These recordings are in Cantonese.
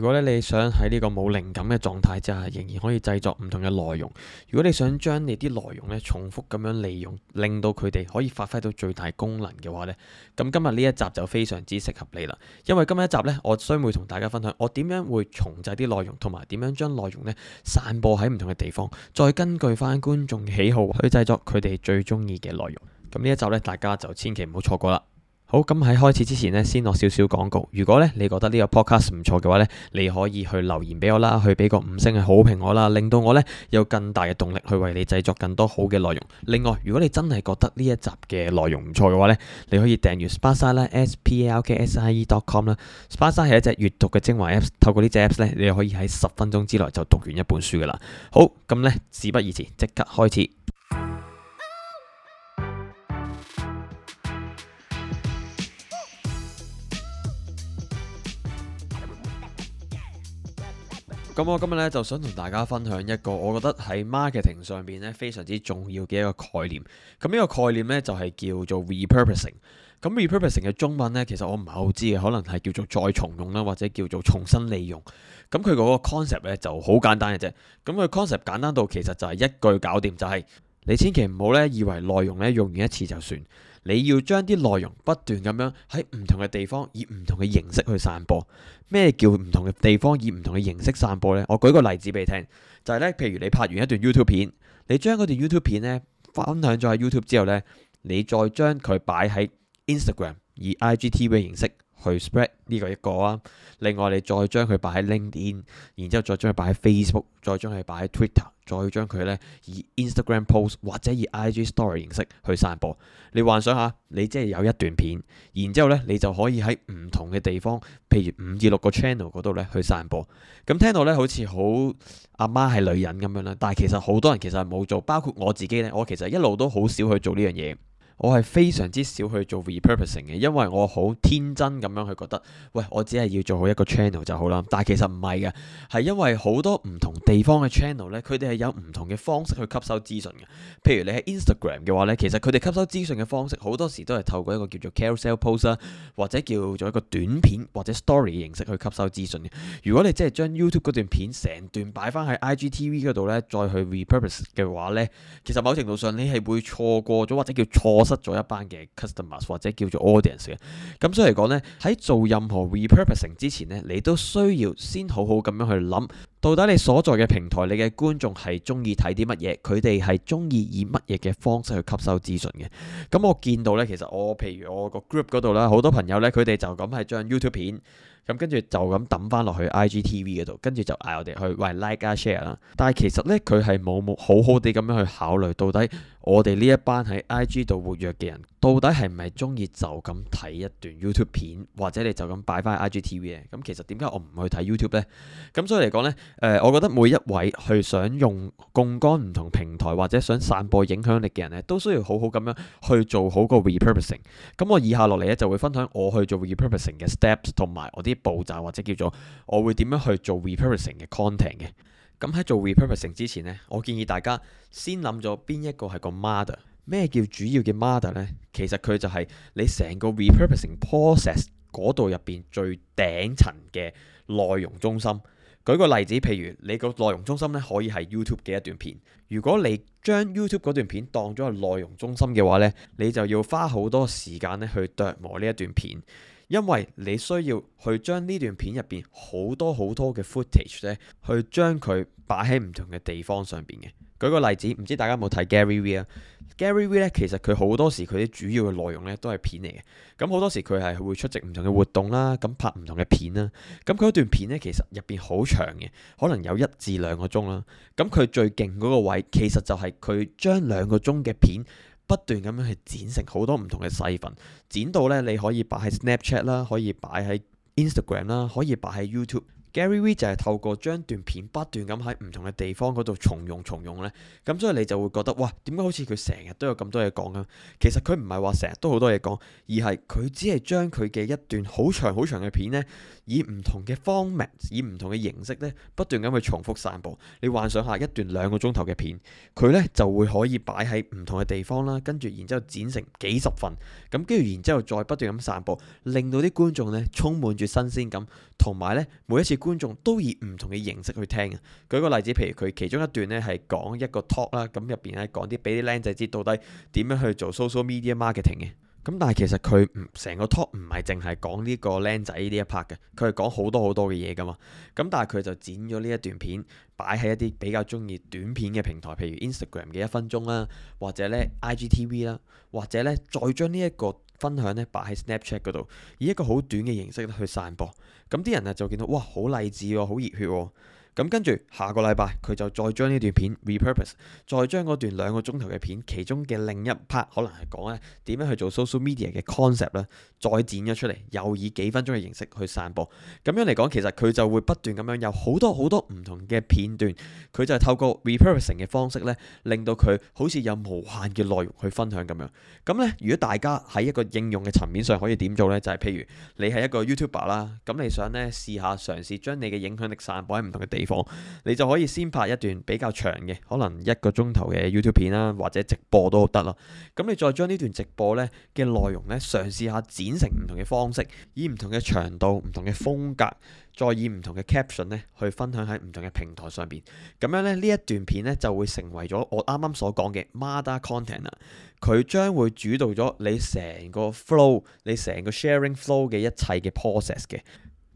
如果咧你想喺呢個冇靈感嘅狀態之下，仍然可以製作唔同嘅內容；如果你想將你啲內容咧重複咁樣利用，令到佢哋可以發揮到最大功能嘅話咧，咁今日呢一集就非常之適合你啦。因為今日一集咧，我將會同大家分享我點樣會重製啲內容，同埋點樣將內容咧散播喺唔同嘅地方，再根據翻觀眾喜好去製作佢哋最鍾意嘅內容。咁呢一集咧，大家就千祈唔好錯過啦！好，咁喺開始之前呢，先落少少廣告。如果咧你覺得呢個 podcast 唔錯嘅話呢，你可以去留言俾我啦，去俾個五星嘅好評我啦，令到我呢有更大嘅動力去為你製作更多好嘅內容。另外，如果你真係覺得呢一集嘅內容唔錯嘅話呢，你可以訂閱 Spasa 啦，spaslse.com 啦。Spasa 係一隻閲讀嘅精華 Apps，透過呢隻 Apps 呢，你可以喺十分鐘之內就讀完一本書噶啦。好，咁呢，事不宜遲，即刻開始。咁我今日咧就想同大家分享一個我覺得喺 marketing 上邊咧非常之重要嘅一個概念。咁呢個概念咧就係叫做 repurposing。咁 repurposing 嘅中文咧其實我唔係好知嘅，可能係叫做再重用啦，或者叫做重新利用。咁佢嗰個 concept 咧就好簡單嘅啫。咁佢 concept 簡單到其實就係一句搞掂，就係你千祈唔好咧以為內容咧用完一次就算。你要將啲內容不斷咁樣喺唔同嘅地方，以唔同嘅形式去散播。咩叫唔同嘅地方，以唔同嘅形式散播呢？我舉個例子俾你聽，就係呢。譬如你拍完一段 YouTube 片，你將嗰段 YouTube 片呢分享咗喺 YouTube 之後呢，你再將佢擺喺 Instagram 以 IGTV 形式。去 spread 呢個一個啊，另外你再將佢擺喺 LinkedIn，然之後再將佢擺喺 Facebook，再將佢擺喺 Twitter，再將佢咧以 Instagram post 或者以 IG story 形式去散播。你幻想下，你即係有一段片，然之後咧你就可以喺唔同嘅地方，譬如五至六個 channel 嗰度咧去散播。咁聽到咧好似好阿媽係女人咁樣啦，但係其實好多人其實係冇做，包括我自己咧，我其實一路都好少去做呢樣嘢。我係非常之少去做 repurposing 嘅，因為我好天真咁樣去覺得，喂，我只係要做好一個 channel 就好啦。但係其實唔係嘅，係因為好多唔同地方嘅 channel 咧，佢哋係有唔同嘅方式去吸收資訊嘅。譬如你喺 Instagram 嘅話咧，其實佢哋吸收資訊嘅方式好多時都係透過一個叫做 carousel poster，或者叫做一個短片或者 story 嘅形式去吸收資訊嘅。如果你真係將 YouTube 嗰段片成段擺翻喺 IGTV 嗰度咧，再去 repurpose 嘅話咧，其實某程度上你係會錯過咗或者叫錯。失咗一班嘅 customers 或者叫做 audience 嘅，咁所以嚟講呢，喺做任何 repurposing 之前呢，你都需要先好好咁樣去諗，到底你所在嘅平台，你嘅觀眾係中意睇啲乜嘢，佢哋係中意以乜嘢嘅方式去吸收資訊嘅。咁我見到呢，其實我譬如我個 group 嗰度啦，好多朋友呢，佢哋就咁係將 YouTube 片。咁跟住就咁抌翻落去 IGTV 度，跟住就嗌我哋去喂 like 啊 share 啦。但係其實呢，佢係冇冇好好地咁樣去考慮到底我哋呢一班喺 IG 度活躍嘅人，到底係唔係中意就咁睇一段 YouTube 片，或者你就咁擺翻 IGTV 啊？咁其實點解我唔去睇 YouTube 呢？咁所以嚟講呢，誒，我覺得每一位去想用槓桿唔同平台或者想散播影響力嘅人呢，都需要好好咁樣去做好個 repurposing。咁我以下落嚟呢，就會分享我去做 repurposing 嘅 steps 同埋我啲。步驟或者叫做我會點樣去做 repurposing 嘅 content 嘅？咁喺做 repurposing 之前呢，我建議大家先諗咗邊一個係個 model 咩叫主要嘅 model 呢？其實佢就係你成個 repurposing process 嗰度入邊最頂層嘅內容中心。舉個例子，譬如你個內容中心咧可以係 YouTube 嘅一段片。如果你將 YouTube 嗰段片當咗係內容中心嘅話呢，你就要花好多時間咧去琢磨呢一段片。因為你需要去將呢段片入邊好多好多嘅 footage 咧，去將佢擺喺唔同嘅地方上邊嘅。舉個例子，唔知大家有冇睇 Gary Vee 啊？Gary Vee 咧，其實佢好多時佢啲主要嘅內容咧都係片嚟嘅。咁好多時佢係會出席唔同嘅活動啦，咁拍唔同嘅片啦。咁佢嗰段片咧，其實入邊好長嘅，可能有一至兩個鐘啦。咁佢最勁嗰個位，其實就係佢將兩個鐘嘅片。不斷咁樣去剪成好多唔同嘅細份，剪到呢你可以擺喺 Snapchat 啦，可以擺喺 Instagram 啦，可以擺喺 YouTube。Gary Vee 就係透過將段片不斷咁喺唔同嘅地方嗰度重用重用呢。咁所以你就會覺得哇，點解好似佢成日都有咁多嘢講嘅？其實佢唔係話成日都好多嘢講，而係佢只係將佢嘅一段好長好長嘅片呢，以唔同嘅 format，以唔同嘅形式呢，不斷咁去重複散佈。你幻想下一段兩個鐘頭嘅片，佢呢就會可以擺喺唔同嘅地方啦，跟住然之後剪成幾十份，咁跟住然之後再不斷咁散佈，令到啲觀眾呢充滿住新鮮感，同埋呢每一次。觀眾都以唔同嘅形式去聽嘅。舉個例子，譬如佢其中一段咧係講一個 talk 啦，咁入邊咧講啲俾啲僆仔知到底點樣去做 social media marketing 嘅。咁但係其實佢唔成個 talk 唔係淨係講呢個僆仔呢一 part 嘅，佢係講好多好多嘅嘢噶嘛。咁但係佢就剪咗呢一段片，擺喺一啲比較中意短片嘅平台，譬如 Instagram 嘅一分鐘啦，或者咧 IGTV 啦，IG TV, 或者咧再將呢一個分享咧擺喺 Snapchat 嗰度，以一個好短嘅形式去散播。咁啲人啊就見到哇，好勵志喎、啊，好熱血喎、啊。咁跟住下個禮拜佢就再將呢段片 repurpose，再將嗰段兩個鐘頭嘅片其中嘅另一 part 可能係講咧點樣去做 social media 嘅 concept 咧，再剪咗出嚟，又以幾分鐘嘅形式去散播。咁樣嚟講，其實佢就會不斷咁樣有好多好多唔同嘅片段，佢就係透過 repurposing 嘅方式咧，令到佢好似有無限嘅內容去分享咁樣。咁咧，如果大家喺一個應用嘅層面上可以點做咧，就係譬如你係一個 YouTuber 啦，咁你想咧試下嘗試將你嘅影響力散播喺唔同嘅地方。你就可以先拍一段比較長嘅，可能一個鐘頭嘅 YouTube 片啦、啊，或者直播都得咯。咁你再將呢段直播咧嘅內容咧，嘗試下剪成唔同嘅方式，以唔同嘅長度、唔同嘅風格，再以唔同嘅 caption 咧去分享喺唔同嘅平台上邊。咁樣咧，呢一段片咧就會成為咗我啱啱所講嘅 mother content 啦。佢將會主導咗你成個 flow、你成個 sharing flow 嘅一切嘅 process 嘅。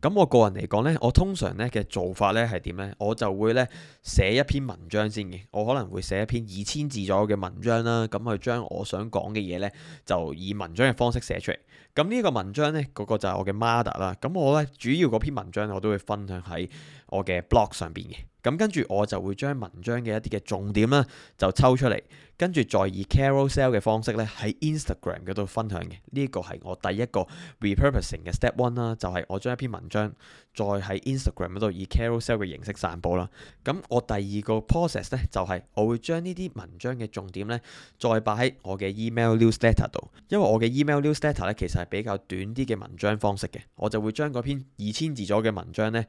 咁我個人嚟講呢，我通常呢嘅做法呢係點呢？我就會呢寫一篇文章先嘅，我可能會寫一篇二千字左右嘅文章啦。咁去將我想講嘅嘢呢，就以文章嘅方式寫出嚟。咁呢一個文章呢，嗰、嗰個就係我嘅 mother 啦。咁我呢，主要嗰篇文章呢，我都會分享喺我嘅 blog 上邊嘅。咁跟住我就會將文章嘅一啲嘅重點呢，就抽出嚟，跟住再以 carousel 嘅方式呢，喺 Instagram 嗰度分享嘅。呢、呢個係我第一個 repurposing 嘅 step one 啦，就係我將一篇文章再喺 Instagram 嗰度以 carousel 嘅形式散播啦。咁我第二個 process 呢，就係、係、我會將呢啲文章嘅重點呢，再擺喺我嘅 email newsletter 度，因為我嘅 email newsletter 呢，其實～比較短啲嘅文章方式嘅，我就會將嗰篇二千字左右嘅文章呢，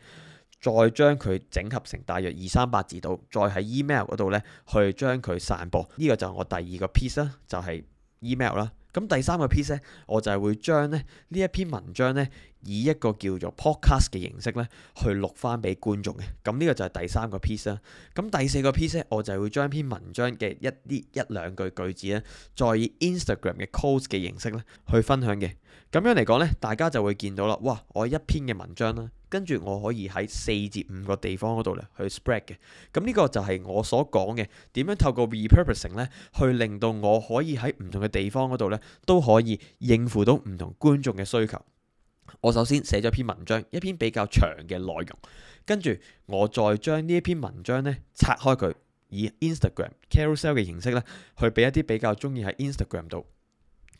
再將佢整合成大約二三百字度，再喺 email 嗰度呢，去將佢散播。呢、這個就係我第二個 piece 啦，就係、是、email 啦。咁第三個 piece 咧，我就係會將咧呢一篇文章咧，以一個叫做 podcast 嘅形式咧，去錄翻俾觀眾嘅。咁、這、呢個就係第三個 piece 啦。咁第四個 piece 咧，我就係會將一篇文章嘅一啲一兩句句子咧，再以 Instagram 嘅 post 嘅形式咧，去分享嘅。咁樣嚟講咧，大家就會見到啦。哇！我一篇嘅文章啦。跟住我可以喺四至五個地方嗰度咧去 spread 嘅，咁呢個就係我所講嘅點樣透過 repurposing 咧，去令到我可以喺唔同嘅地方嗰度咧都可以應付到唔同觀眾嘅需求。我首先寫咗篇文章，一篇比較長嘅內容，跟住我再將呢一篇文章咧拆開佢，以 Instagram carousel 嘅形式咧去俾一啲比較中意喺 Instagram 度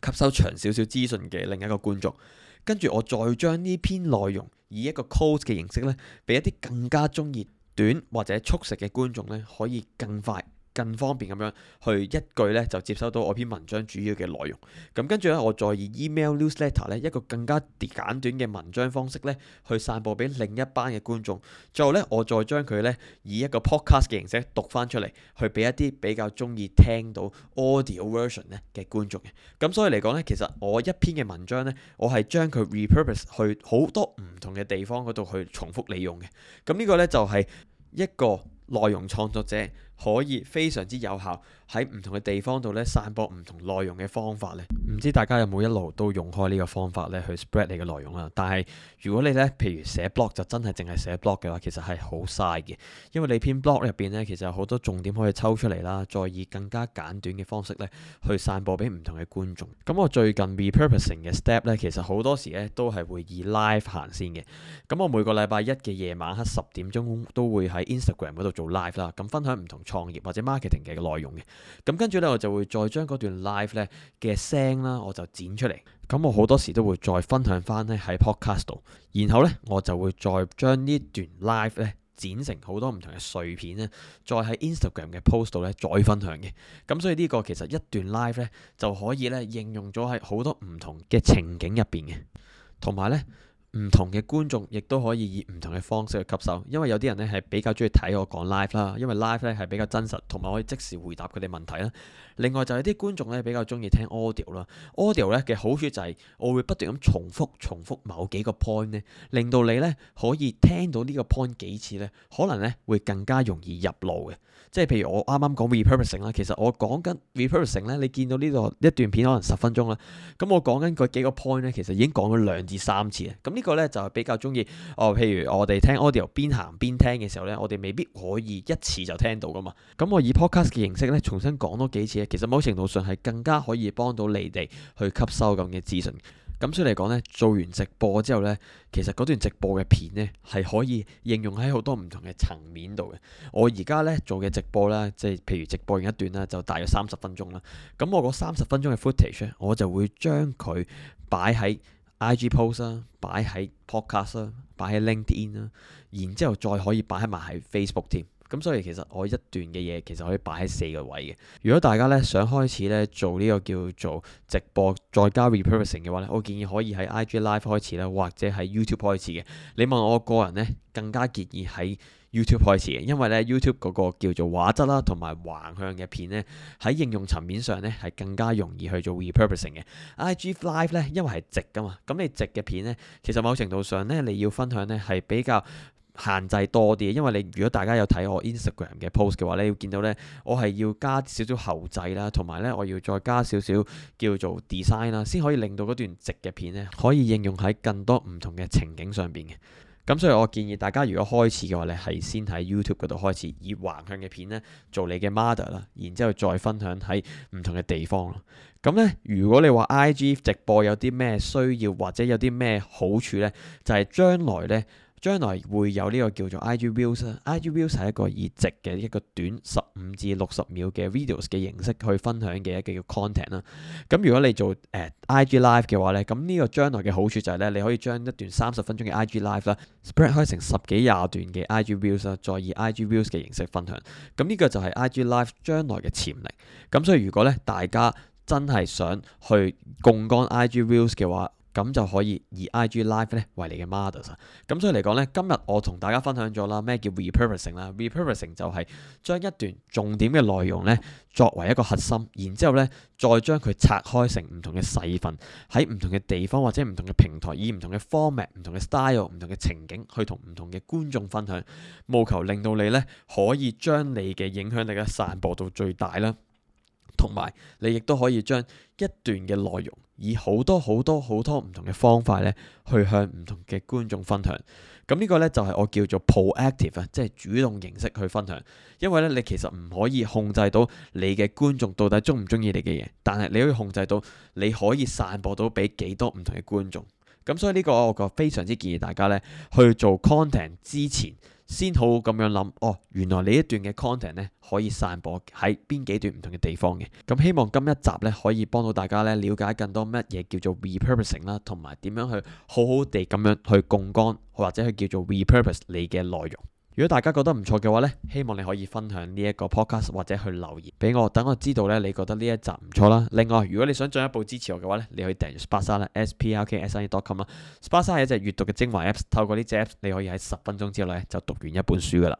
吸收長少少資訊嘅另一個觀眾，跟住我再將呢篇內容。以一個 close 嘅形式咧，俾一啲更加中意短或者速食嘅觀眾咧，可以更快。更方便咁樣去一句咧就接收到我篇文章主要嘅內容。咁跟住咧，我再以 email newsletter 咧一個更加簡短嘅文章方式咧去散播俾另一班嘅觀眾。最後咧，我再將佢咧以一個 podcast 嘅形式讀翻出嚟，去俾一啲比較中意聽到 audio version 咧嘅觀眾嘅。咁所以嚟講咧，其實我一篇嘅文章咧，我係將佢 repurpose 去好多唔同嘅地方嗰度去重複利用嘅。咁呢個咧就係一個內容創作者。可以非常之有效喺唔同嘅地方度咧散播唔同內容嘅方法咧，唔知大家有冇一路都用開呢個方法咧去 spread 你嘅內容啊？但係如果你咧，譬如寫 blog 就真係淨係寫 blog 嘅話其實係好嘥嘅，因為你篇 blog 入邊咧其實有好多重點可以抽出嚟啦，再以更加簡短嘅方式咧去散播俾唔同嘅觀眾，咁我最近 repurposing 嘅 step 咧，其實好多時咧都係會以 live 行先嘅。咁我每個禮拜一嘅夜晚黑十點鐘都會喺 Instagram 度做 live 啦，咁分享唔同。創業或者 marketing 嘅內容嘅咁，跟住呢，我就會再將嗰段 live 呢嘅聲啦，我就剪出嚟。咁我好多時都會再分享返呢喺 podcast 度，然後呢，我就會再將呢段 live 呢剪成好多唔同嘅碎片呢，再喺 Instagram 嘅 post 度呢再分享嘅。咁所以呢個其實一段 live 呢就可以呢應用咗喺好多唔同嘅情景入邊嘅，同埋呢。唔同嘅觀眾亦都可以以唔同嘅方式去吸收，因為有啲人咧係比較中意睇我講 live 啦，因為 live 咧係比較真實，同埋可以即時回答佢哋問題啦。另外就係啲觀眾咧比較中意聽 audio 啦，audio 咧嘅好處就係我會不斷咁重複重複某幾個 point 咧，令到你咧可以聽到呢個 point 幾次咧，可能咧會更加容易入腦嘅。即係譬如我啱啱講 repurposing 啦，ing, 其實我講緊 repurposing 咧，ing, 你見到呢度一段片可能十分鐘啦，咁我講緊嗰幾個 point 咧，其實已經講咗兩至三次啊。咁呢個咧就係比較中意哦，譬如我哋聽 audio 邊行邊聽嘅時候咧，我哋未必可以一次就聽到噶嘛。咁我以 podcast 嘅形式咧，重新講多幾次。其實某程度上係更加可以幫到你哋去吸收咁嘅資訊。咁所以嚟講呢，做完直播之後呢，其實嗰段直播嘅片呢，係可以應用喺好多唔同嘅層面度嘅。我而家呢做嘅直播呢，即係譬如直播完一段啦，就大約三十分鐘啦。咁我嗰三十分鐘嘅 footage 呢，我就會將佢擺喺 IG post 啦，擺喺 podcast 啦，擺喺 LinkedIn 啦，然之後再可以擺喺埋喺 Facebook 添。咁所以其實我一段嘅嘢其實可以擺喺四個位嘅。如果大家咧想開始咧做呢個叫做直播再加 repurposing 嘅話咧，我建議可以喺 IG Live 開始啦，或者喺 YouTube 開始嘅。你問我個人咧，更加建議喺 YouTube 開始嘅，因為咧 YouTube 嗰個叫做畫質啦，同埋橫向嘅片咧，喺應用層面上咧係更加容易去做 repurposing 嘅。IG Live 咧，因為係直㗎嘛，咁你直嘅片咧，其實某程度上咧你要分享咧係比較，限制多啲，因為你如果大家有睇我 Instagram 嘅 post 嘅話咧，你會見到咧，我係要加少少後製啦，同埋咧，我要再加少少叫做 design 啦，先可以令到嗰段直嘅片咧，可以應用喺更多唔同嘅情景上邊嘅。咁所以我建議大家如果開始嘅話咧，你係先喺 YouTube 嗰度開始以橫，以橫向嘅片咧做你嘅 mother 啦，然之後再分享喺唔同嘅地方咯。咁咧，如果你話 IG 直播有啲咩需要或者有啲咩好處咧，就係、是、將來咧。將來會有呢個叫做 IG Views 啦、啊、IG Views 係一個以直嘅一個短十五至六十秒嘅 videos 嘅形式去分享嘅一個叫 content 啦。咁如果你做誒、呃、IG Live 嘅話咧，咁呢個將來嘅好處就係咧，你可以將一段三十分鐘嘅 IG Live 啦、啊、spread 開成十幾廿段嘅 IG Views、啊、再以 IG Views 嘅形式分享。咁呢個就係 IG Live 將來嘅潛力。咁所以如果咧大家真係想去槓桿 IG Views 嘅話，咁就可以以 IG Live 咧為你嘅 models 啊！咁所以嚟講咧，今日我同大家分享咗啦，咩叫 repurposing 啦？repurposing 就係將一段重點嘅內容咧作為一個核心，然之後咧再將佢拆開成唔同嘅細份，喺唔同嘅地方或者唔同嘅平台，以唔同嘅 format、唔同嘅 style、唔同嘅情景去同唔同嘅觀眾分享，務求令到你咧可以將你嘅影響力咧散播到最大啦，同埋你亦都可以將一段嘅內容。以好多好多好多唔同嘅方法咧，去向唔同嘅觀眾分享。咁呢個咧就係我叫做 proactive 啊，即係主動形式去分享。因為咧，你其實唔可以控制到你嘅觀眾到底中唔中意你嘅嘢，但係你可以控制到你可以散播到俾幾多唔同嘅觀眾。咁所以呢個我覺得非常之建議大家咧去做 content 之前。先好好咁樣諗哦，原來你一段嘅 content 咧可以散播喺邊幾段唔同嘅地方嘅。咁希望今一集咧可以幫到大家咧了解更多乜嘢叫做 repurposing 啦，同埋點樣去好好地咁樣去槓桿或者係叫做 repurpose 你嘅內容。如果大家覺得唔錯嘅話咧，希望你可以分享呢一個 podcast 或者去留言俾我，等我知道咧。你覺得呢一集唔錯啦。另外，如果你想進一步支持我嘅話咧，你可以訂閱 Spark 啦，s p r k s n y dot com 啦。Spark 係一隻閱讀嘅精華 Apps，透過呢隻 Apps 你可以喺十分鐘之內咧就讀完一本書噶啦。